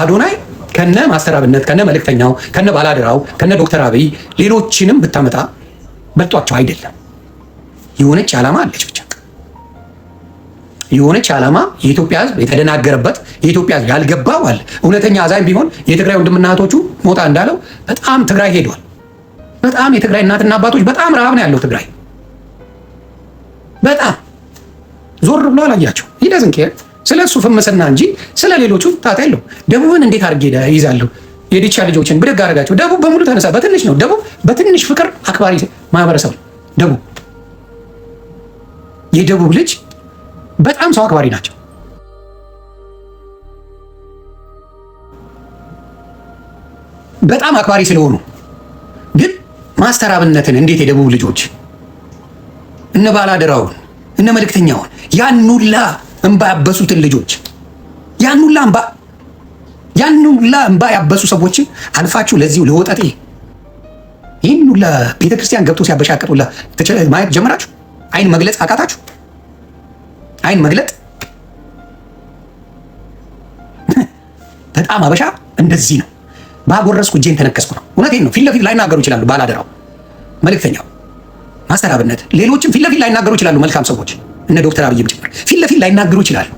አዶናይ ከነ ማስተራብነት ከነ መልእክተኛው ከነ ባላደራው ከነ ዶክተር አብይ ሌሎችንም ብታመጣ በልጧቸው አይደለም። የሆነች ዓላማ አለች ብቻ የሆነች ዓላማ የኢትዮጵያ ሕዝብ የተደናገረበት የኢትዮጵያ ሕዝብ ያልገባው አለ። እውነተኛ አዛኝ ቢሆን የትግራይ ወንድምና እህቶቹ ሞጣ እንዳለው በጣም ትግራይ ሄዷል። በጣም የትግራይ እናትና አባቶች በጣም ረሃብ ነው ያለው ትግራይ። በጣም ዞር ብሎ አላያቸው ይደዝንኬ ስለ እሱ ፍምስና እንጂ ስለ ሌሎቹ ጣጣ የለው። ደቡብን እንዴት አድርጌ ይዛለሁ? የዲቻ ልጆችን ብድግ አድርጋቸው። ደቡብ በሙሉ ተነሳ። በትንሽ ነው ደቡብ፣ በትንሽ ፍቅር አክባሪ ማህበረሰብ ነው ደቡብ። የደቡብ ልጅ በጣም ሰው አክባሪ ናቸው። በጣም አክባሪ ስለሆኑ ግን ማስተራብነትን እንዴት የደቡብ ልጆች እነ ባላደራውን እነ መልእክተኛውን ያን ሁላ እንባ ያበሱትን ልጆች ያን ሁላ እንባ ያን ሁላ እንባ ያበሱ ሰዎችን አልፋችሁ ለዚሁ ለወጠጤ ይህን ሁላ ቤተክርስቲያን ገብቶ ሲያበሻቅጡላ ማየት ጀምራችሁ አይን መግለጽ አቃታችሁ። አይን መግለጥ በጣም አበሻ እንደዚህ ነው። ባጎረስኩ እጄን ተነከስኩ ነው። እውነቴን ነው። ፊት ለፊት ላይናገሩ ይችላሉ። ባላደራው መልእክተኛው ማሰራብነት ሌሎችም ፊት ለፊት ላይናገሩ ይችላሉ። መልካም ሰዎች እነ ዶክተር አብይም ጭምር ፊት ለፊት ላይናገሩ ይችላል።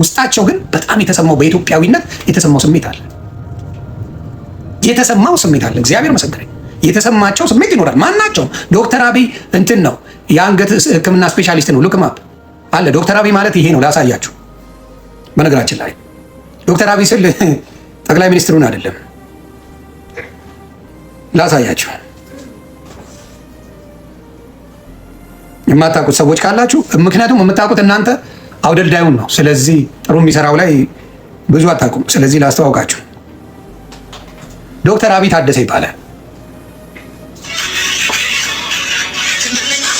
ውስጣቸው ግን በጣም የተሰማው በኢትዮጵያዊነት የተሰማው ስሜት አለ። የተሰማው ስሜት አለ። እግዚአብሔር መሰከረኝ። የተሰማቸው ስሜት ይኖራል። ማናቸው ዶክተር አብይ እንትን ነው የአንገት ሕክምና ስፔሻሊስት ነው። ልክማ አለ ዶክተር አብይ ማለት ይሄ ነው። ላሳያችሁ። በነገራችን ላይ ዶክተር አብይ ስል ጠቅላይ ሚኒስትሩን አይደለም፣ ላሳያችሁ የማታውቁት ሰዎች ካላችሁ፣ ምክንያቱም የምታውቁት እናንተ አውደልዳዩን ነው። ስለዚህ ጥሩ የሚሰራው ላይ ብዙ አታውቁም። ስለዚህ ላስተዋውቃችሁ፣ ዶክተር አብይ ታደሰ ይባላል።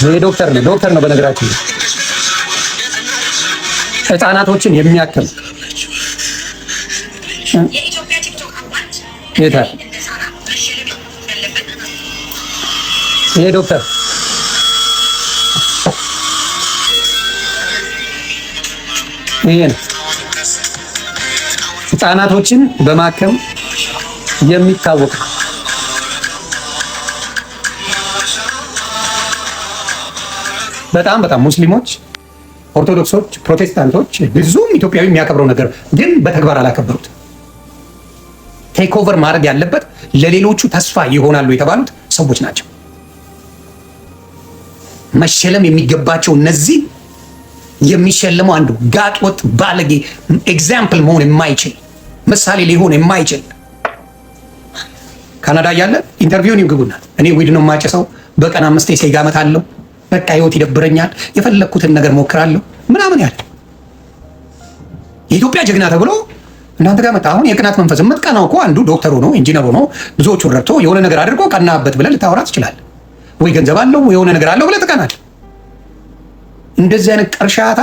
ይሄ ዶክተር ነው ዶክተር ነው በነገራችሁ ህፃናቶችን የሚያክም ይሄ ዶክተር ይሄ ነው። ህጻናቶችን በማከም የሚታወቅ በጣም በጣም ሙስሊሞች፣ ኦርቶዶክሶች፣ ፕሮቴስታንቶች ብዙም ኢትዮጵያዊ የሚያከብረው ነገር ግን በተግባር አላከበሩት። ቴክ ኦቨር ማድረግ ያለበት ለሌሎቹ ተስፋ ይሆናሉ የተባሉት ሰዎች ናቸው። መሸለም የሚገባቸው እነዚህ የሚሸልመው አንዱ ጋጥ ባለጌ ኤግዛምፕል መሆን የማይችል ምሳሌ ሊሆን የማይችል ካናዳ እያለ ኢንተርቪውን ግቡና፣ እኔ ዊድ ነው የማጨሰው፣ በቀን አምስት ሴጋ አለው በቃ ህይወት ይደብረኛል፣ የፈለግኩትን ነገር ሞክራለሁ ምናምን ያለ የኢትዮጵያ ጀግና ተብሎ እናንተ ጋር መጣ። አሁን የቅናት መንፈስ የምትቀናው እኮ አንዱ ዶክተር ሆኖ ኢንጂነር ሆኖ ብዙዎቹን ረድቶ የሆነ ነገር አድርጎ ቀናበት ብለህ ልታወራ ትችላለህ ወይ ገንዘብ አለው የሆነ ነገር አለው ብለህ ትቀናለህ። እንደዚህ አይነት ቀርሻታ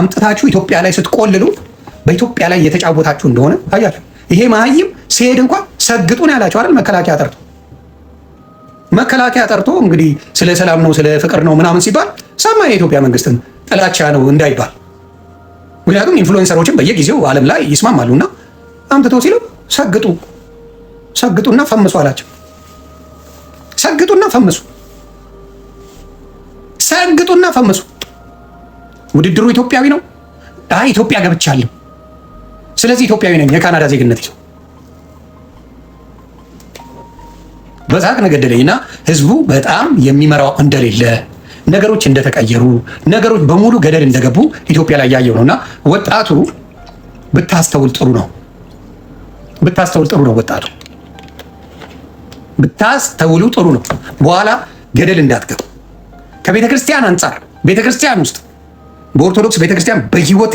አምጥታችሁ ኢትዮጵያ ላይ ስትቆልሉ በኢትዮጵያ ላይ እየተጫወታችሁ እንደሆነ አያችሁ። ይሄ መሀይም ሲሄድ እንኳን ሰግጡን ያላቸው አይደል? መከላከያ ጠርቶ መከላከያ ጠርቶ እንግዲህ ስለ ሰላም ነው ስለ ፍቅር ነው ምናምን ሲባል ሰማ የኢትዮጵያ መንግስትን ጥላቻ ነው እንዳይባል። ምክንያቱም ኢንፍሉዌንሰሮችን በየጊዜው ዓለም ላይ ይስማማሉና አምጥቶ ሲለው ሰግጡ ሰግጡና ፈምሱ አላቸው። ሰግጡና ፈምሱ ሰግጡና ፈምሱ ውድድሩ ኢትዮጵያዊ ነው። አይ ኢትዮጵያ ገብቻለሁ፣ ስለዚህ ኢትዮጵያዊ ነኝ። የካናዳ ዜግነት ይዞ በዛቅ ነገደለኝ እና ህዝቡ በጣም የሚመራው እንደሌለ ነገሮች እንደተቀየሩ ነገሮች በሙሉ ገደል እንደገቡ ኢትዮጵያ ላይ ያየው ነው እና ወጣቱ ብታስተውል ጥሩ ነው። ብታስተውል ጥሩ ነው። ወጣቱ ብታስተውሉ ጥሩ ነው። በኋላ ገደል እንዳትገቡ ከቤተ ክርስቲያን አንጻር ቤተ ክርስቲያን ውስጥ በኦርቶዶክስ ቤተክርስቲያን በህይወቴ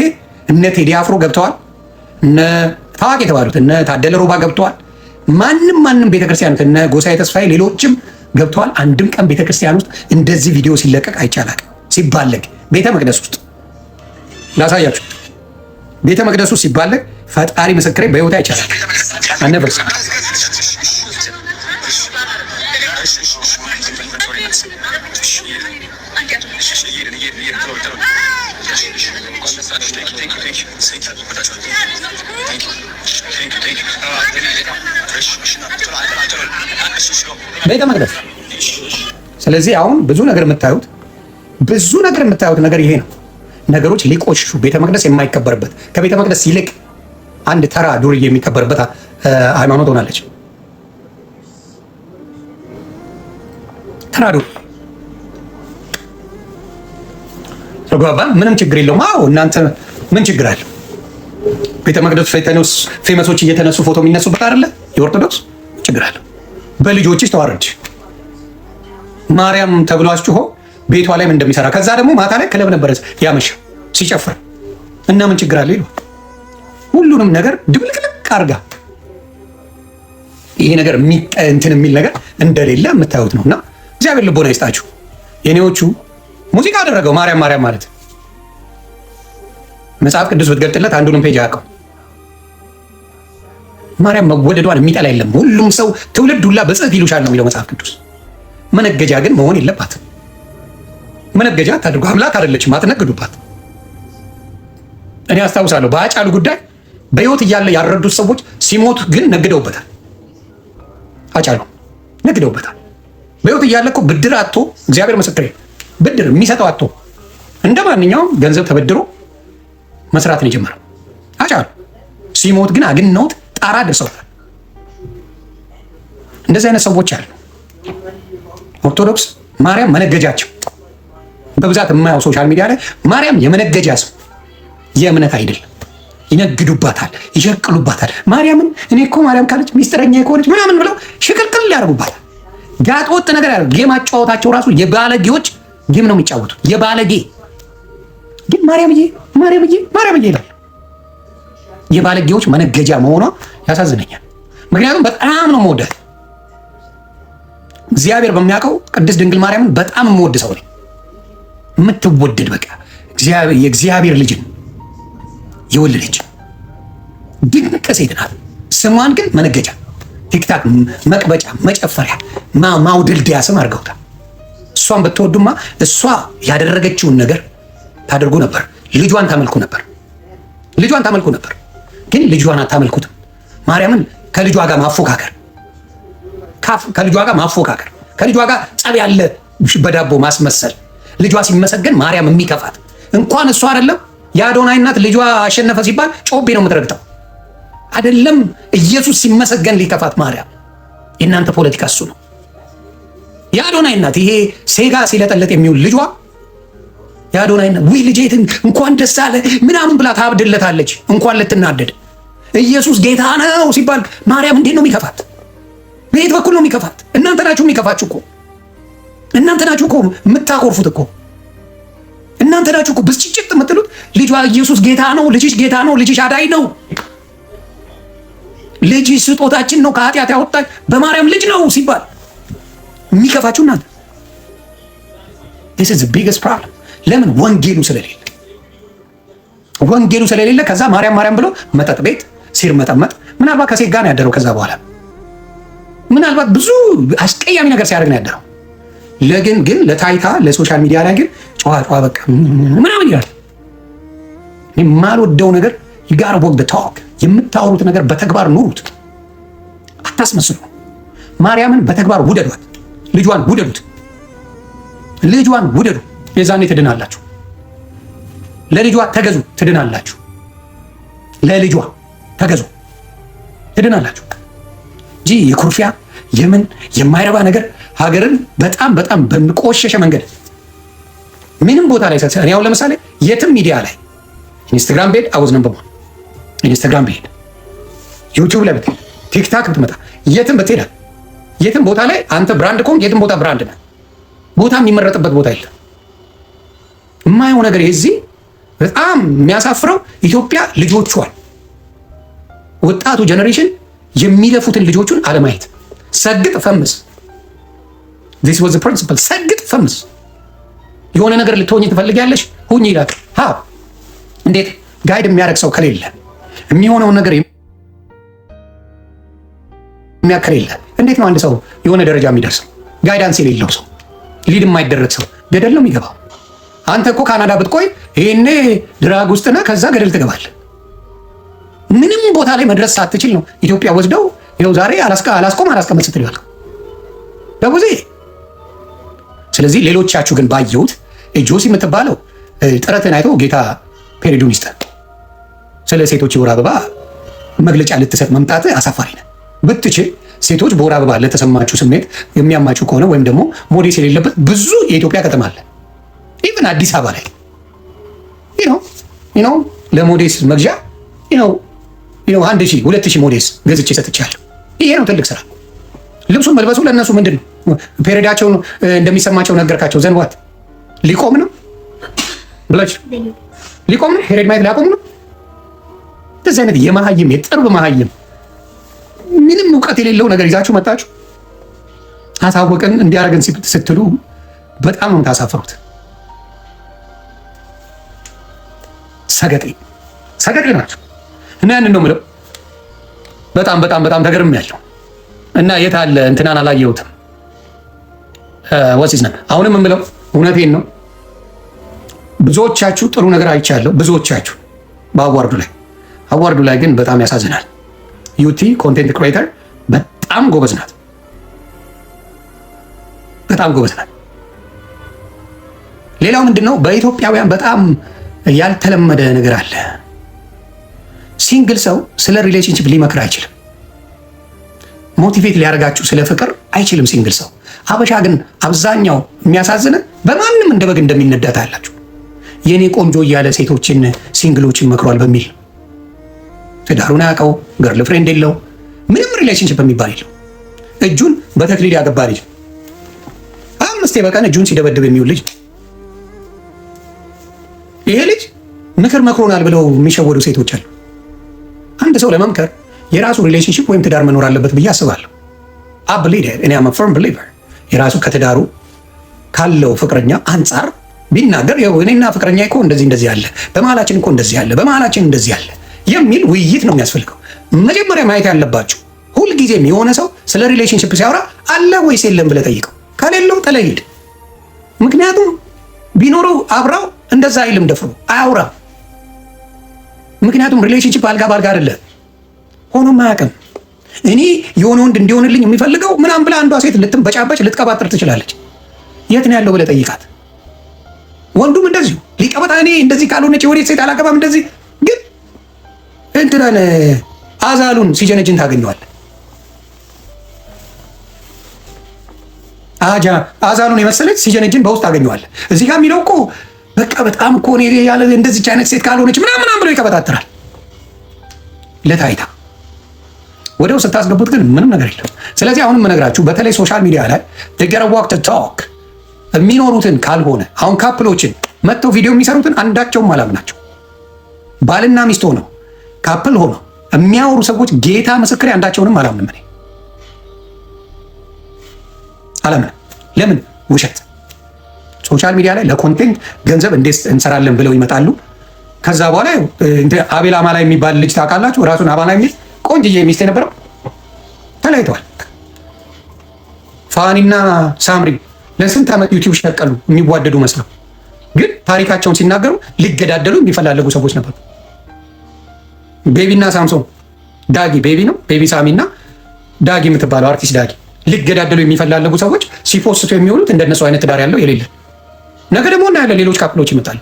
እነ ቴዲ አፍሮ ገብተዋል፣ እነ ታዋቂ የተባሉት እነ ታደለ ሮባ ገብተዋል። ማንም ማንም ቤተክርስቲያን እነ ጎሳዬ ተስፋዬ ሌሎችም ገብተዋል። አንድም ቀን ቤተክርስቲያን ውስጥ እንደዚህ ቪዲዮ ሲለቀቅ አይቻላል። ሲባለግ ቤተ መቅደስ ውስጥ ላሳያችሁ። ቤተ መቅደስ ውስጥ ሲባለግ ፈጣሪ ምስክሬ በህይወት አይቻላል አነበርስ ቤተ መቅደስ። ስለዚህ አሁን ብዙ ነገር የምታዩት ብዙ ነገር የምታዩት ነገር ይሄ ነው። ነገሮች ሊቆሽሹ ቤተ መቅደስ የማይከበርበት ከቤተ መቅደስ ይልቅ አንድ ተራ ዱርዬ የሚከበርበት ሃይማኖት ሆናለች ተራ ዱርዬ ተግባባን። ምንም ችግር የለውም። አዎ እናንተ ምን ችግር አለ? ቤተ መቅደሱ ፌመሶች እየተነሱ ፎቶ የሚነሱበት አይደለ? የኦርቶዶክስ ችግር አለ? በልጆችሽ ተዋረድ ማርያም ተብሎ አስጭሆ ቤቷ ላይም እንደሚሰራ ከዛ ደግሞ ማታ ላይ ክለብ ነበረ ያመሸ ሲጨፍር እና ምን ችግር አለ ይሉ ሁሉንም ነገር ድብልቅልቅ አርጋ ይሄ ነገር እንትን የሚል ነገር እንደሌለ የምታዩት ነው። እና እግዚአብሔር ልቦና ይስጣችሁ የኔዎቹ ሙዚቃ አደረገው። ማርያም ማርያም ማለት መጽሐፍ ቅዱስ ብትገልጥለት አንዱንም ፔጅ አያውቀው። ማርያም መወለዷን የሚጠላ የለም። ሁሉም ሰው ትውልድ ሁላ በጽህፍ ይሉሻል ነው የሚለው መጽሐፍ ቅዱስ። መነገጃ ግን መሆን የለባትም። መነገጃ አታድርጉ። አምላክ አይደለችም፣ አትነግዱባት። እኔ አስታውሳለሁ በአጫሉ ጉዳይ በህይወት እያለ ያረዱት ሰዎች ሲሞት ግን ነግደውበታል። አጫሉ ነግደውበታል። በህይወት እያለ እኮ ብድር አጥቶ እግዚአብሔር ምስክሬ ብድር የሚሰጠው አቶ እንደ ማንኛውም ገንዘብ ተበድሮ መስራት ነው የጀመረው አጫሉ ሲሞት ግን አግንነውት ጣራ ደርሰውታል። እንደዚህ አይነት ሰዎች አሉ። ኦርቶዶክስ ማርያም መነገጃቸው በብዛት የማየው ሶሻል ሚዲያ ላይ ማርያም የመነገጃ ሰው የእምነት አይደለም። ይነግዱባታል፣ ይሸቅሉባታል። ማርያምን እኔ እኮ ማርያም ካለች ሚስጥረኛ ከሆነች ምናምን ብለው ሽቅልቅል ያደርጉባታል። ጋጥ ነገር ያደርጉ። ጌም ራሱ የባለጌዎች ጌም ነው የሚጫወቱ የባለጌ ግን ማርያምዬ ማርያምዬ ማርያምዬ ይላል። የባለጌዎች መነገጃ መሆኗ ያሳዝነኛል። ምክንያቱም በጣም ነው የምወዳት። እግዚአብሔር በሚያውቀው ቅድስት ድንግል ማርያምን በጣም የምወድ ሰው ነኝ። የምትወደድ በቃ የእግዚአብሔር ልጅን የወለደች ድንቅ ሴት ናት። ስሟን ግን መነገጃ ቲክታክ መቅበጫ፣ መጨፈሪያ፣ ማውደልድያ ስም አድርገውታል። እሷን ብትወዱማ እሷ ያደረገችውን ነገር ታደርጉ ነበር። ልጇን ታመልኩ ነበር። ልጇን ታመልኩ ነበር፣ ግን ልጇን አታመልኩትም። ማርያምን ከልጇ ጋር ማፎካከር ከልጇ ጋር ማፎካከር ከልጇ ጋር ጸብ ያለ በዳቦ ማስመሰል ልጇ ሲመሰገን ማርያም የሚከፋት እንኳን እሷ አይደለም የአዶናይ እናት ልጇ አሸነፈ ሲባል ጮቤ ነው የምትረግጠው። አይደለም ኢየሱስ ሲመሰገን ሊከፋት ማርያም። የእናንተ ፖለቲካ እሱ ነው። የአዶናይ እናት ይሄ ሴጋ ሲለጠለጥ የሚውል ልጇ የአዶናይ እናት ውይ ልጄ እንኳን ደስ አለ ምናምን ብላ ታብድለታለች። እንኳን ልትናደድ ኢየሱስ ጌታ ነው ሲባል ማርያም እንዴት ነው የሚከፋት? በየት በኩል ነው የሚከፋት? እናንተ ናችሁ የሚከፋችሁ እኮ እናንተ ናችሁ እኮ የምታቆርፉት እኮ እናንተ ናችሁ እኮ ብስጭጭት የምትሉት። ልጇ ኢየሱስ ጌታ ነው፣ ልጅሽ ጌታ ነው፣ ልጅሽ አዳይ ነው፣ ልጅሽ ስጦታችን ነው፣ ከኃጢአት ያወጣች በማርያም ልጅ ነው ሲባል የሚከፋችሁ እናንተ ስ ቢግስት ፕሮብለም። ለምን ወንጌሉ ስለሌለ ወንጌሉ ስለሌለ ከዛ ማርያም ማርያም ብሎ መጠጥ ቤት ሲር መጠመጥ ምናልባት ከሴት ጋር ነው ያደረው። ከዛ በኋላ ምናልባት ብዙ አስቀያሚ ነገር ሲያደርግ ነው ያደረው። ለግን ግን ለታይታ ለሶሻል ሚዲያ ላይ ግን ጨዋ ጨዋ በቃ ምናምን ይላል። የማልወደው ነገር ጋር ወግ ታወቅ የምታወሩት ነገር በተግባር ኑሩት፣ አታስመስሉ። ማርያምን በተግባር ውደዷት። ልጇን ውደዱት፣ ልጇን ውደዱ። የዛኔ ትድናላችሁ። ለልጇ ተገዙ፣ ትድናላችሁ። ለልጇ ተገዙ፣ ትድናላችሁ እንጂ የኩርፊያ የምን የማይረባ ነገር ሀገርን በጣም በጣም በሚቆሸሸ መንገድ ምንም ቦታ ላይ ሰሰ። እኔ አሁን ለምሳሌ የትም ሚዲያ ላይ ኢንስታግራም ብሄድ አወዝነን በመሆን ኢንስታግራም ብሄድ ዩቲዩብ ላይ ብትሄድ ቲክታክ ብትመጣ የትም ብትሄዳል የትም ቦታ ላይ አንተ ብራንድ ኮን የትም ቦታ ብራንድ ነህ። ቦታ የሚመረጥበት ቦታ የለም። የማየው ነገር የዚህ በጣም የሚያሳፍረው ኢትዮጵያ ልጆቿን ወጣቱ ጀኔሬሽን የሚለፉትን ልጆቹን አለማየት። ሰግጥ ፈምስ ዚስ ዋዝ ፕሪንሲፕል። ሰግጥ ፈምስ። የሆነ ነገር ልትሆኝ ትፈልጊያለሽ፣ ሁኝ ይላል። ሀ እንዴት ጋይድ የሚያደርግ ሰው ከሌለ የሚሆነውን ነገር ሚያክር የለ። እንዴት ነው አንድ ሰው የሆነ ደረጃ የሚደርሰው? ጋይዳንስ የሌለው ሰው፣ ሊድ የማይደረግ ሰው ገደል ነው የሚገባው። አንተ እኮ ካናዳ ብትቆይ ይሄኔ ድራግ ውስጥና ከዛ ገደል ትገባለህ። ምንም ቦታ ላይ መድረስ ሳትችል ነው ኢትዮጵያ ወስደው ይኸው ዛሬ አላስቆም አላስቀመጥ ስትል ይዋል ስለዚህ ሌሎቻችሁ ግን ባየሁት ጆሲ የምትባለው ጥረትን አይቶ ጌታ ፔሪዱን ይስጠ። ስለ ሴቶች የወር አበባ መግለጫ ልትሰጥ መምጣት አሳፋሪ ነ ብትችል ሴቶች በወር አበባ ለተሰማችሁ ስሜት የሚያማችሁ ከሆነ ወይም ደግሞ ሞዴስ የሌለበት ብዙ የኢትዮጵያ ከተማ አለ። ኢቨን አዲስ አበባ ላይ ለሞዴስ መግዣ አንድ ሺህ ሁለት ሺህ ሞዴስ ገዝቼ ሰጥቻለሁ። ይሄ ነው ትልቅ ስራ። ልብሱን መልበሱ ለእነሱ ምንድን ነው? ፔሬዳቸውን እንደሚሰማቸው ነገርካቸው ዘንዋት ሊቆም ነው ብላች ሊቆም ነው ፔሬድ ማየት ሊያቆም ነው። እንደዚህ አይነት የመሀይም የጥርብ መሀይም ምንም እውቀት የሌለው ነገር ይዛችሁ መጣችሁ አሳወቅን እንዲያደርገን ስትሉ በጣም ነው የምታሳፍሩት። ሰገጤ ሰገጤ ናቸው እና ያንን ነው የምለው። በጣም በጣም በጣም ተገርም ያለው እና የት አለ እንትናን አላየሁትም። ወሲዝ ነ አሁንም የምለው እውነቴን ነው። ብዙዎቻችሁ ጥሩ ነገር አይቻለሁ፣ ብዙዎቻችሁ በአዋርዱ ላይ አዋርዱ ላይ ግን በጣም ያሳዝናል። ዩቲ ኮንቴንት ክሬተር በጣም ጎበዝ ናት። በጣም ጎበዝ ናት። ሌላው ምንድን ነው? በኢትዮጵያውያን በጣም ያልተለመደ ነገር አለ። ሲንግል ሰው ስለ ሪሌሽንሽፕ ሊመክር አይችልም። ሞቲቬት ሊያደርጋችሁ ስለ ፍቅር አይችልም ሲንግል ሰው። ሀበሻ ግን አብዛኛው የሚያሳዝነ በማንም እንደ በግ እንደሚነዳ ታያላችሁ። የእኔ ቆንጆ እያለ ሴቶችን ሲንግሎችን መክሯል በሚል ትዳሩን አያውቀው፣ ገርል ፍሬንድ የለው፣ ምንም ሪሌሽንሽፕ የሚባል የለው። እጁን በተክሊል ያገባ ልጅ አምስቴ በቀን እጁን ሲደበድብ የሚውል ልጅ። ይሄ ልጅ ምክር መክሮናል ብለው የሚሸወዱ ሴቶች አሉ። አንድ ሰው ለመምከር የራሱ ሪሌሽንሽፕ ወይም ትዳር መኖር አለበት ብዬ አስባለሁ። አብሊድ እኔ አም ፈርም ብሊቨር የራሱ ከትዳሩ ካለው ፍቅረኛ አንጻር ቢናገር እኔና ፍቅረኛ እኮ እንደዚህ እንደዚህ አለ፣ በመሀላችን እኮ እንደዚህ አለ፣ በመሀላችን እንደዚህ አለ የሚል ውይይት ነው የሚያስፈልገው። መጀመሪያ ማየት ያለባችሁ ሁልጊዜም የሆነ ሰው ስለ ሪሌሽንሽፕ ሲያወራ አለ ወይስ የለም ብለህ ጠይቀው። ከሌለው ተለይድ። ምክንያቱም ቢኖረው አብራው እንደዛ አይልም፣ ደፍሮ አያውራ ምክንያቱም ሪሌሽንሽፕ አልጋ ባልጋ አይደለ፣ ሆኖም አያውቅም። እኔ የሆነ ወንድ እንዲሆንልኝ የሚፈልገው ምናም ብላ አንዷ ሴት ልትንበጫበጭ ልትቀባጥር ትችላለች። የት ነው ያለው ብለህ ጠይቃት። ወንዱም እንደዚሁ ሊቀበጣ እኔ እንደዚህ ካልሆነች ወዴት ሴት አላገባም እንደዚህ እንትናን አዛሉን ሲጀነጅን ታገኘዋል። አጃ አዛሉን የመሰለች ሲጀነጅን በውስጥ ታገኘዋል። እዚህ ጋር የሚለው እኮ በቃ በጣም እኮ እኔ ያለ እንደዚች አይነት ሴት ካልሆነች ምናምን ምናምን ብሎ ይቀበጣጥራል ለታይታ ወደው ስታስገቡት ግን ምንም ነገር የለም። ስለዚህ አሁንም እነግራችሁ በተለይ ሶሻል ሚዲያ ላይ ደገረዋክ ቶክ የሚኖሩትን ካልሆነ አሁን ካፕሎችን መጥተው ቪዲዮ የሚሰሩትን አንዳቸውም አላምናቸው። ባልና ሚስት ሆነው ካፕል ሆኖ የሚያወሩ ሰዎች ጌታ ምስክሬ አንዳቸውንም አላምንም። እኔ አላምንም። ለምን? ውሸት። ሶሻል ሚዲያ ላይ ለኮንቴንት ገንዘብ እንዴት እንሰራለን ብለው ይመጣሉ። ከዛ በኋላ አቤል አማላ የሚባል ልጅ ታውቃላችሁ? ራሱን አማላ የሚል ቆንጅዬ ሚስት የነበረው ተለያይተዋል። ፋኒና ሳምሪ ለስንት ዓመት ዩቲዩብ ሸቀሉ የሚዋደዱ መስለው፣ ግን ታሪካቸውን ሲናገሩ ሊገዳደሉ የሚፈላለጉ ሰዎች ነበሩ። ቤቢ እና ሳምሶን ዳጊ ቤቢ ነው ቤቢ ሳሚ እና ዳጊ የምትባለው አርቲስት ዳጊ ሊገዳደሉ የሚፈላለጉ ሰዎች ሲፖስቱ የሚውሉት እንደነሱ አይነት ትዳር ያለው የሌለ ነገ ደግሞ ያለ ሌሎች ካፕሎች ይመጣሉ።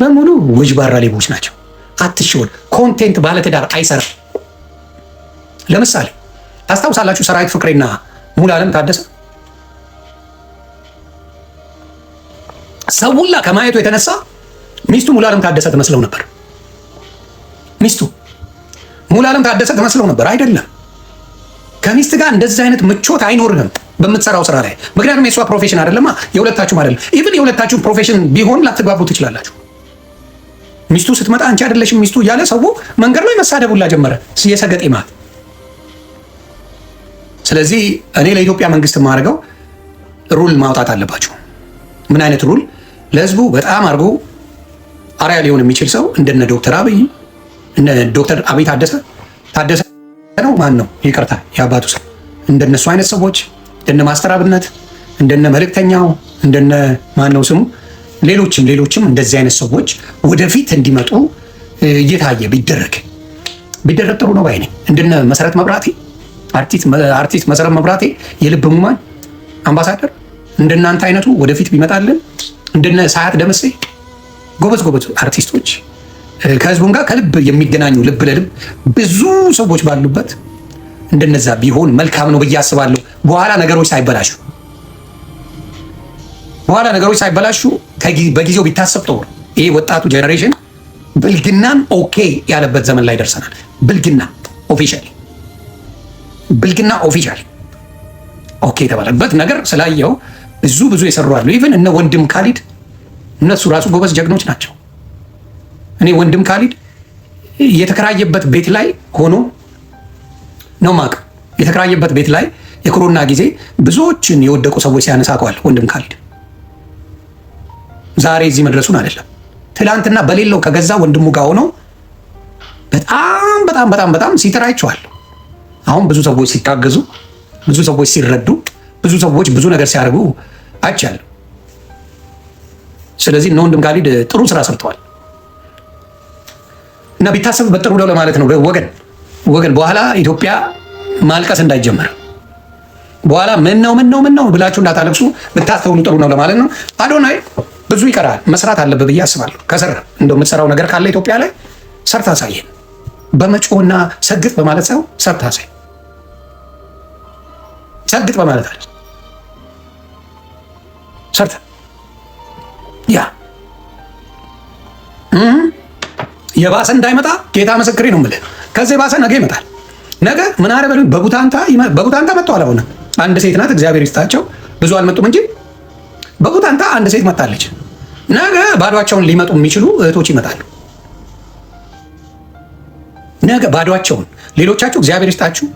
በሙሉ ውጅ ባራ ሌቦች ናቸው። አትሽወል ኮንቴንት ባለትዳር አይሰራም። ለምሳሌ ታስታውሳላችሁ ሰራዊት ፍቅሬና ሙሉ አለም ታደሰ ሰውላ ከማየቱ የተነሳ ሚስቱ ሙሉ አለም ታደሰ ትመስለው ነበር። ሚስቱ ዓለም ታደሰ ትመስለው ነበር አይደለም። ከሚስት ጋር እንደዚህ አይነት ምቾት አይኖርህም በምትሰራው ስራ ላይ ምክንያቱም የእሷ ፕሮፌሽን አይደለማ፣ የሁለታችሁም አይደለም። ኢቭን የሁለታችሁም ፕሮፌሽን ቢሆን ላትግባቡ ትችላላችሁ። ሚስቱ ስትመጣ አንቺ አይደለሽም ሚስቱ እያለ ሰው መንገድ ላይ መሳደቡላ ጀመረ፣ የሰገጤ ማት። ስለዚህ እኔ ለኢትዮጵያ መንግስት የማደርገው ሩል ማውጣት አለባችሁ። ምን አይነት ሩል ለህዝቡ በጣም አድርጎ አርአያ ሊሆን የሚችል ሰው እንደነ ዶክተር አብይ ዶክተር አብይ ታደሰ ታደሰ ነው ማን ነው? ይቅርታ የአባቱ ሰው እንደነሱ አይነት ሰዎች እንደነ ማስተራብነት እንደነ መልእክተኛው እንደነ ማን ነው ስሙ ሌሎችም ሌሎችም እንደዚህ አይነት ሰዎች ወደፊት እንዲመጡ እየታየ ቢደረግ ቢደረግ ጥሩ ነው ባይ ነኝ። እንደነ መሰረት መብራቴ አርቲስት መሰረት መብራቴ የልብ ሙማን አምባሳደር እንደናንተ አይነቱ ወደፊት ቢመጣልን እንደነ ሰዓት ደመሴ ጎበዝ ጎበዝ አርቲስቶች ከህዝቡም ጋር ከልብ የሚገናኙ ልብ ለልብ ብዙ ሰዎች ባሉበት እንደነዛ ቢሆን መልካም ነው ብዬ አስባለሁ። በኋላ ነገሮች ሳይበላሹ በኋላ ነገሮች ሳይበላሹ በጊዜው ቢታሰብ ጥሩ ይሄ ወጣቱ ጀኔሬሽን ብልግናን ኦኬ ያለበት ዘመን ላይ ደርሰናል። ብልግና ኦፊሻል ብልግና ኦፊሻል ኦኬ የተባለበት ነገር ስላየው ብዙ ብዙ የሰሩ አሉ። ኢቨን እነ ወንድም ካሊድ እነሱ ራሱ ጎበዝ ጀግኖች ናቸው። እኔ ወንድም ካሊድ የተከራየበት ቤት ላይ ሆኖ ነው ማቅ የተከራየበት ቤት ላይ የኮሮና ጊዜ ብዙዎችን የወደቁ ሰዎች ሲያነሳ ወንድም ካሊድ ዛሬ እዚህ መድረሱን አይደለም ትላንትና በሌለው ከገዛ ወንድሙ ጋር ሆኖ በጣም በጣም በጣም በጣም ሲተራይቸዋል። አሁን ብዙ ሰዎች ሲታገዙ፣ ብዙ ሰዎች ሲረዱ፣ ብዙ ሰዎች ብዙ ነገር ሲያደርጉ አይቻለሁ። ስለዚህ እነ ወንድም ካሊድ ጥሩ ስራ ሰርተዋል። እና ቢታሰብ በጥሩ ነው ለማለት ነው ወገን ወገን። በኋላ ኢትዮጵያ ማልቀስ እንዳይጀመር በኋላ ምን ነው ምን ነው ምን ነው ብላችሁ እንዳታለቅሱ ብታስተውሉ ጥሩ ነው ለማለት ነው። አዶናይ ብዙ ይቀራል፣ መስራት አለበት ብዬ አስባለሁ። ከሰራ እንደው የምትሰራው ነገር ካለ ኢትዮጵያ ላይ ሰርታ አሳየን። በመጮና ሰግጥ በማለት ሰው ሰርታ አሳይ። ሰግጥ በማለት አለ ሰርታ ያ የባሰ እንዳይመጣ ጌታ ምስክሬ ነው የምልህ። ከዚህ የባሰ ነገ ይመጣል። ነገ ምን አለ በሉኝ። በቡታንታ በቡታንታ መጥተዋል። አሁን አንድ ሴት ናት፣ እግዚአብሔር ይስጣቸው። ብዙ አልመጡም እንጂ በቡታንታ አንድ ሴት መጣለች። ነገ ባዷቸውን ሊመጡ የሚችሉ እህቶች ይመጣሉ። ነገ ባዷቸውን ሌሎቻችሁ እግዚአብሔር ይስጣችሁ።